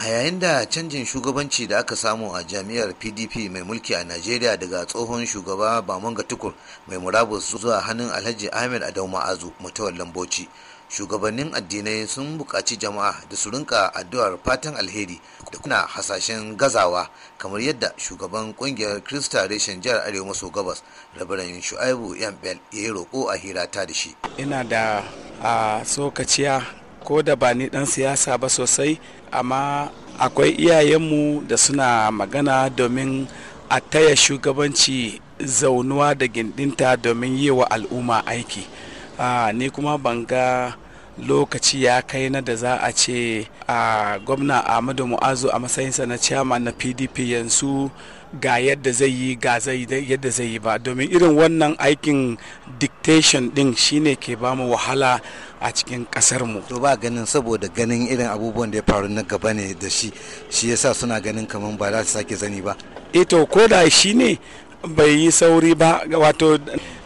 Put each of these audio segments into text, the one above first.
a yayin da canjin shugabanci da aka samu a jami'ar pdp mai mulki a najeriya daga tsohon shugaba bamanga tukur mai murabus zuwa hannun alhaji ahmed adamu ma'azu mutuwar lamboci shugabannin addinai sun buƙaci jama'a da su rinka addu'ar fatan alheri da kuna hasashen gazawa kamar yadda shugaban ƙungiyar krista reshen jihar arewa maso gabas rabaran shu'aibu Bel, ya yi roƙo a hirata da shi ina da ah, ko da ba ni dan siyasa ba sosai amma akwai iyayenmu da suna magana domin a taya shugabanci zaunuwa da gindinta domin yi wa al'umma aiki ah, ni kuma ban ga lokaci ya kai na da za a ce a gwamna ahmadu mu'azu a matsayinsa na ciyama na pdp yanzu ga yadda zai yi ga zai yadda zai yi ba domin irin wannan aikin dictation din shine ke ba mu wahala a cikin kasar mu to ba ganin saboda ganin irin abubuwan da ya faru na gaba ne da shi shi yasa suna ganin kaman ba za su sake zani ba eh to ko da ne bai yi sauri ba wato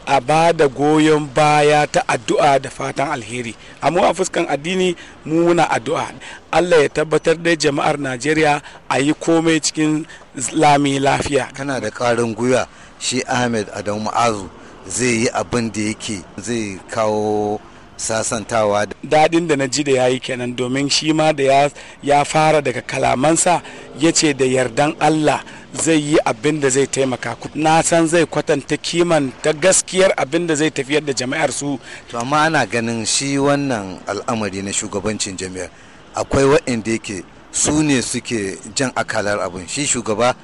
a ba da goyon baya ta addu'a da fatan alheri amma a fuskan addini mu muna addu'a Allah ya tabbatar da jama'ar Najeriya a yi komai cikin lami lafiya kana da karin gwiwa shi Ahmed Adamu Azu zai yi abin da yake zai kawo sasantawa daɗin da na ji da ya yi kenan domin shi ma da ya fara daga kalamansa ya ce da yardan allah zai yi abin da zai taimaka ku na san zai kwatanta kiman ta gaskiyar abin da zai tafiyar da jami'ar su to amma ana ganin shi wannan al'amari na shugabancin jami'ar akwai waɗanda yake su ne suke jan akalar abin shi shugaba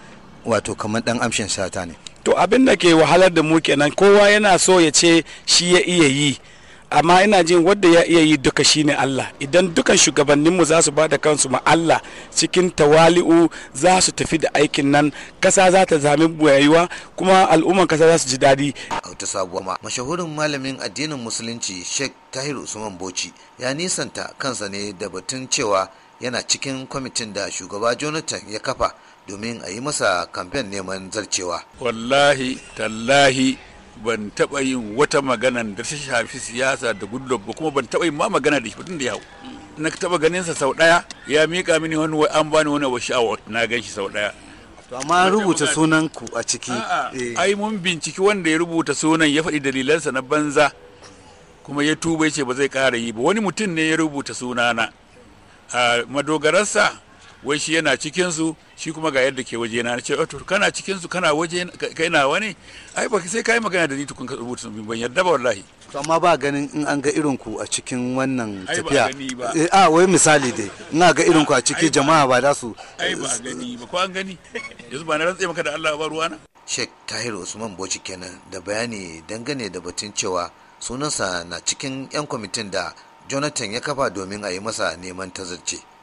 wato kamar dan amshin sata ne to abin da ke wahalar da mu kenan kowa yana so ya ce shi ya iya yi amma ina jin wadda ya iya yi duka shine Allah idan dukan shugabanninmu za su bada kansu ma Allah cikin tawali'u za su tafi da aikin nan kasa za ta zami boyayuwa kuma al'umman kasa za su ji daɗi. Auta sabuwa sabuwa mashahurin malamin addinin musulunci sheikh tahir usman bauchi ya nisanta kansa ne da batun cewa yana cikin kwamitin da shugaba jonathan ya kafa domin a yi masa kamfen neman zarcewa wallahi tallahi ban taɓa yin wata magana da ta shafi siyasa da goodluck ba kuma ban taɓa yin ma magana da shi tun da ya hau na taɓa ganin sa sau ɗaya ya mika mini wani an bani wani abu sha'awa na gan shi sau ɗaya to amma rubuta sunan ku a ciki eh. ai mun binciki wanda ya rubuta sunan ya faɗi dalilansa na banza kuma ya tuba ya ce ba zai ƙara yi ba wani mutum ne ya rubuta sunana a madogararsa wai shi yana cikin su shi kuma ga yadda ke waje na ce oh, to kana cikin su kana waje kai na wani ai ba sai kai magana da ni tukun ka rubuta sun ban yadda ba wallahi to amma ba ganin in an ga irin ku a cikin wannan tafiya eh, a wai misali dai ina ga irin ku a cikin jama'a ba da su ai ba gani ba ko an gani yanzu ba na rantse maka da Allah ba ruwa na Sheikh Tahir Usman Bauchi kenan da bayani dangane da batun cewa sunansa na cikin 'yan kwamitin da Jonathan ya kafa domin a yi masa neman tazarce.